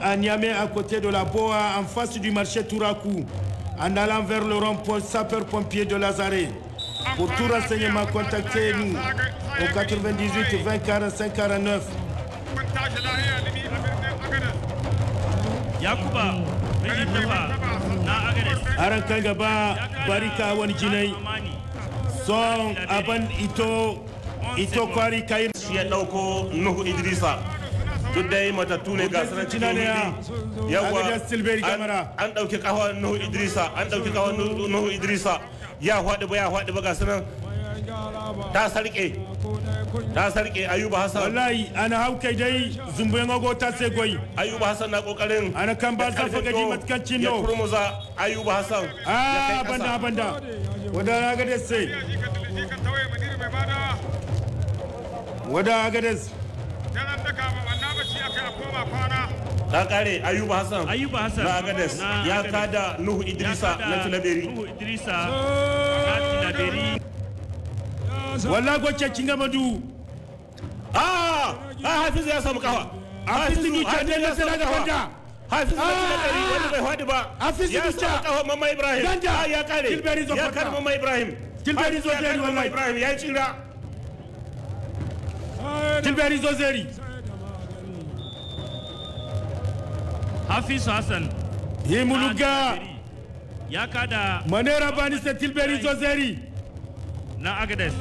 À à côté de la Boa, en face du marché Tourakou, en allant vers le rond sapeur-pompier de Lazare. Pour tout renseignement, contactez-nous au 98 20 45 49. Yakuba, Aran barika Wanjinei, Song aban ito ito kwari kayi shi ya dauko nuhu idrisa duk dai matattu ne ga sanar cikin wuri yawa an dauke kawa nuhu idrisa an dauke kawa nuhu idrisa ya hwaɗi ba ya hwaɗi ba ga sanar ta sarke ta sarke ayuba hasan wallahi ana haukai dai zumbin ogo ta sai ayuba hasan na kokarin ana kan ba za fa gaji matkancin no ya kurmuza ayuba hasan ah banda banda wadana ga dai sai wada gadas da wannan bacci aka a koma kwana na kare ayuba hassan ayuba hassan na gadas ya kada nuhu idrisa na tilaberi nuhu idrisa na tilaberi wallahi gocce kinga madu ah, ah, hafizu ya samu kafa ah, hafizu ni na sana da honda hafizu na tilaberi wanda bai hadi ba hafizu ya samu kafa mamma ibrahim ya kare ya kare mamma ibrahim tilberi zo jeri ibrahim ya tsira tilberi zozeri Hafiz hassan himuluga ya kada manera banista tilberi zozeri na agades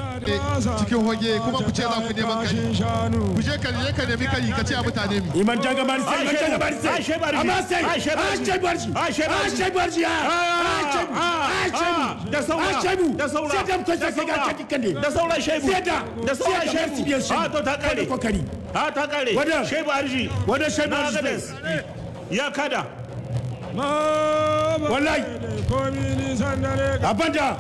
cikin hoge kuma ku ce za ku neman kari ku je ka je ka nemi kari ka ce a mutane mi iman jaga bari sai iman jaga bari sai amma sai a ce barji a ce barji a ce a ce da saura a ce da saura sai da mutunta sai ga cikin kande da saura shebu sai da da saura shebu a to ta kare kokari a ta kare wada shebu arji wada shebu arji ya kada wallahi abanda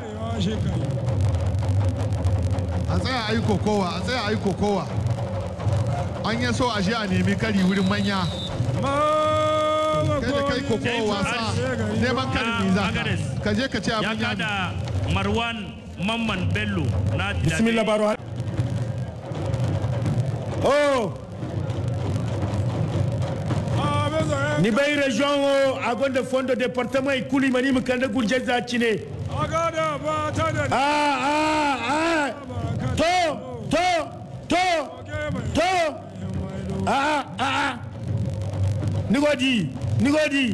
tsaya a yi kokowa a tsaya a yi kokowa an yi so a shi a nemi kari wurin manya kai kai kokowa wasa neman kari ne za ka ka ce a manya da oh ni bai region o fondo e cine a'a ah, ah, ah. nigodi nigodi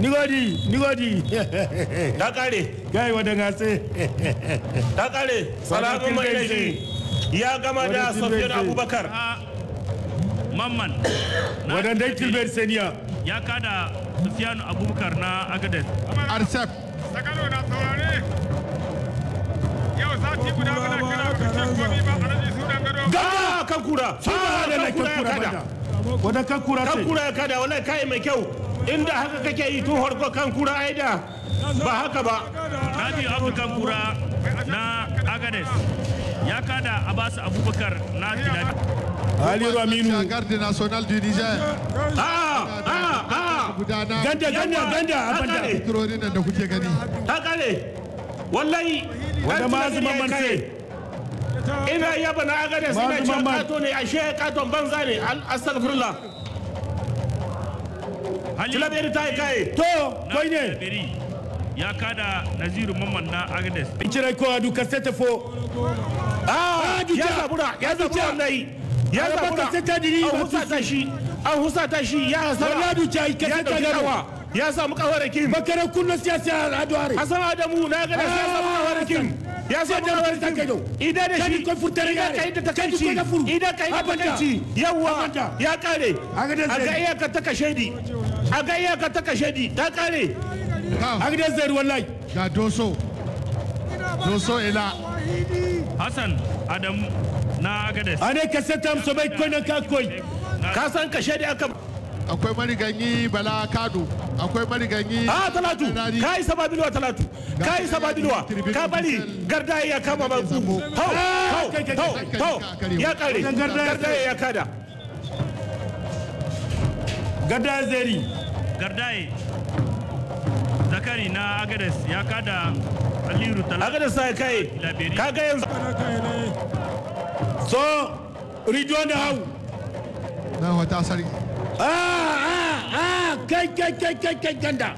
nigodi nigodi ta kare gai wa ya gama da abubakar mamman wadan dai ya kada abubakar na na saurare yau sati guda kira kakura da ah, na kakura kada wadda kakura ce kakura ya kada wannan kai mai kyau inda haka kake yi tun harko kan kura aida ba haka ba radio african kura na agades ya kada abasu abubakar na tilabi Ali Raminu. Garde national du Niger. Ah ah ah. Ganda ganda ganda abanda. Haka ne. da kuke gani. Ta kare. Wallahi. Wanda ma zuma manse. ina yaba na agada ina cewa kato ne ashe katon banza ne astagfirullah tilabiri ta yi kaye to kwai ne ya kada naziru mamman na agnes. in cire duka fo ah, ah, ya zabura ya zabura yi ya zabura an husata shi shi ya hasara ya duka ikasata ya samu kawarakin makarar kunna siyasa al'aduwar hasan adamu na ga da ah, ya samu kawarakin ya samu kawarakin idan da shi idan kai kai takaici idan kai yadda takaici yawa ya kare a ga iyaka ta kashe di a ga iyaka ta kashe di ta kare a gidan zai wallahi da doso doso ila hasan adamu na agades ane kasetam sobai kona kakoi kasan kashe di aka akwai mariganyi bala kado akwai mariganyi a ah, talatu ka yi saba bilwa talatu ka yi saba bilwa ka bari garda ya kama mai hau hau hau ya kare garda ya kada garda zeri zakari na agades ya kada aliru talatu agades kai ka ga yanzu so hau na wata sarki kai-kai-kai ah, ah, ah, kay kay ganda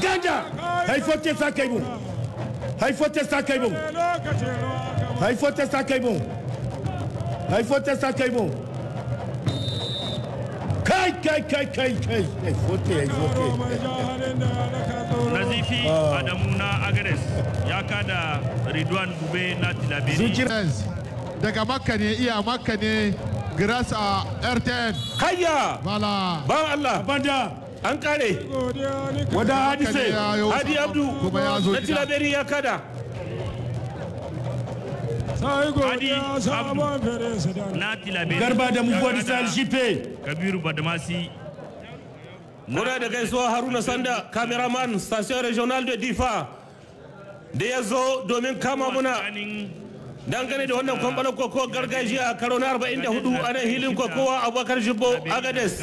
ganda sa bon sa bon sa bon sa bon kai kai kai kai kai nazifi adamu na agares ya ridwan bube na tilabiri daga makka ne iya makka grâce à RTN. Kaya! Voilà. Ba Allah. Banda. An kare. Wada Hadise. Hadi Abdu. Na Tilaberi ya kada. Hadi Abdu. Na Tilaberi. Garba da Mufuwa Sal JP. Kabiru Badamasi. Mura da gaisuwa Haruna Sanda, cameraman, station régionale de Difa. Da ya zo domin kama muna. dangane da wannan kwamfanin koko gargajiya a karo na 44 a nan hilin kokowa abubakar jibbo agades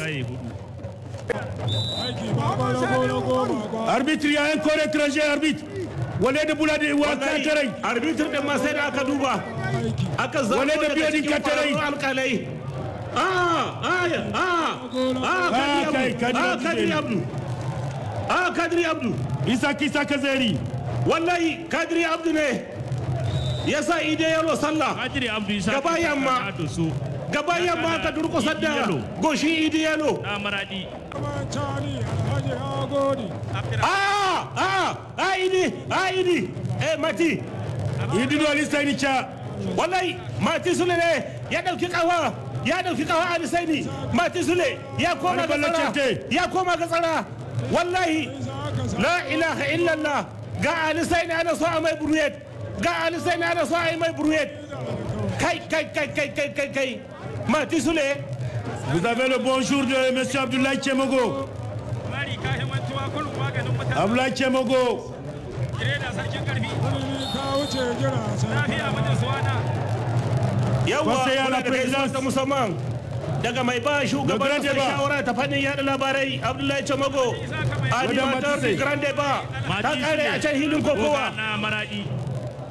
arbitre ya kore traje arbit wale da bula da iwa katarai arbitre da masai da aka duba aka zama wale da biyo din katarai alkalai ah, ah ah ah ah kadri abdu ah kadri abdu isa kisa kazari wallahi kadri abdu ne ya sa ide yalo sallah gaba yamma gaba yamma ka durkusar da goshi ide yalo a a a idi a idi eh mati idi do sai ni cha wallahi mati sule ne ya dauki kawa ya dauki kawa ali sai ni mati sule ya koma ga tsara ya koma ga tsara wallahi la ilaha illallah ga ali sai ni ana so a mai buruyet ga ali sai na da a yi mai bruet kai kai kai kai kai kai kai mati sule vous avez le bonjour de monsieur abdoulaye chemogo abdoulaye chemogo yawwa kuna da gaisuwa ta musamman daga mai ba shugaban da shawara ta fannin yada labarai abdullahi chamago animatar grande ba ta kare a can hilin kokowa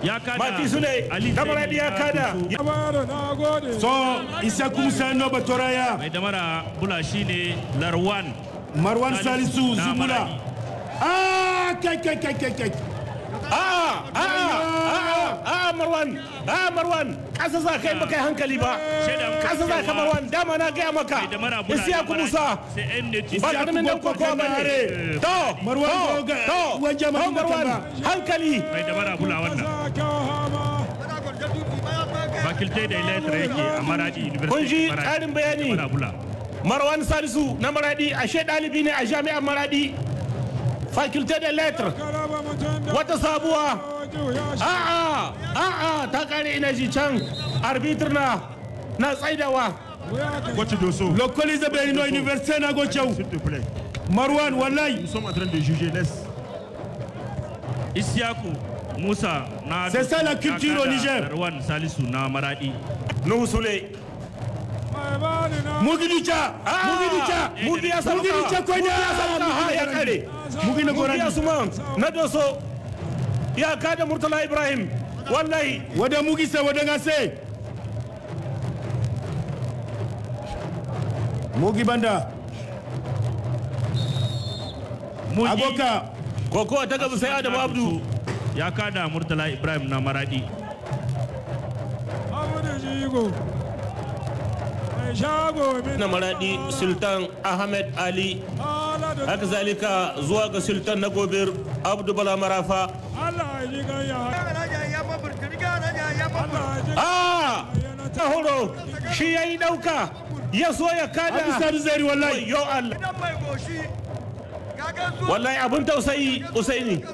ya kada mati ya kada so isa kumsa no mai damara bula marwan salisu zumula ah kai kai kai kai kai ah, ah, ah, marwan ah marwan kasa za kai baka hankali ba kasa za ka marwan dama na gaya maka isiya ku musa ba karamin dan ba ne to marwan to to marwan hankali mai bula wannan faculté des lettres yake à maradi université de Maradi. marwan salisu na maradi ashe dalibi à a à maradi faculté des lettres wata sabuwa Ah ah, ah ah, ina Inaji Chang, arbitre na na Saïdawa. wacce doso lokoli zabe no université na te plaît. marwan Wallaï. nous sommes en train de juger laisse isiaku Moussa na C'est ça la culture au Niger. Darwan Salisu na Maradi. Nousule. Mugidicha, Mugidicha, Mugidicha Mugidicha Mugidicha ya kada Murtala Ibrahim. Wallahi. Wada Mugisa, wada Ngase. Mugi Banda. Mugi. Aboka. ta gaba sai Abdu. ya kada murtala ibrahim na maradi na maradi sultan ahmed ali haka zalika zuwa ga sultan na gobir abdu bala marafa a tahoro ah! shi ya yi dauka ya so ya kada a zari wallahi yo allah wallahi abin tausayi usaini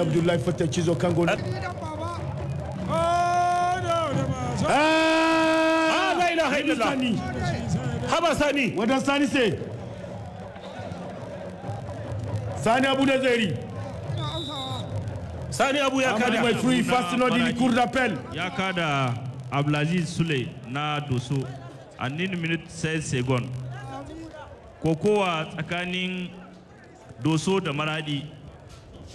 abdullahi fata cizo kan gona eh. ah, haba sani wadda sani sai sani abu da zairi Sani Abu ya kada. Mai fruit first no dili cour d'appel. Yakada Ablaziz Abdulaziz Sule na Doso a 9 minutes segon koko wa tsakanin Doso da Maradi.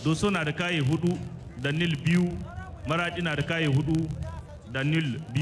Doso na rekaye hudu da nil Maradi na rekaye hudu da nil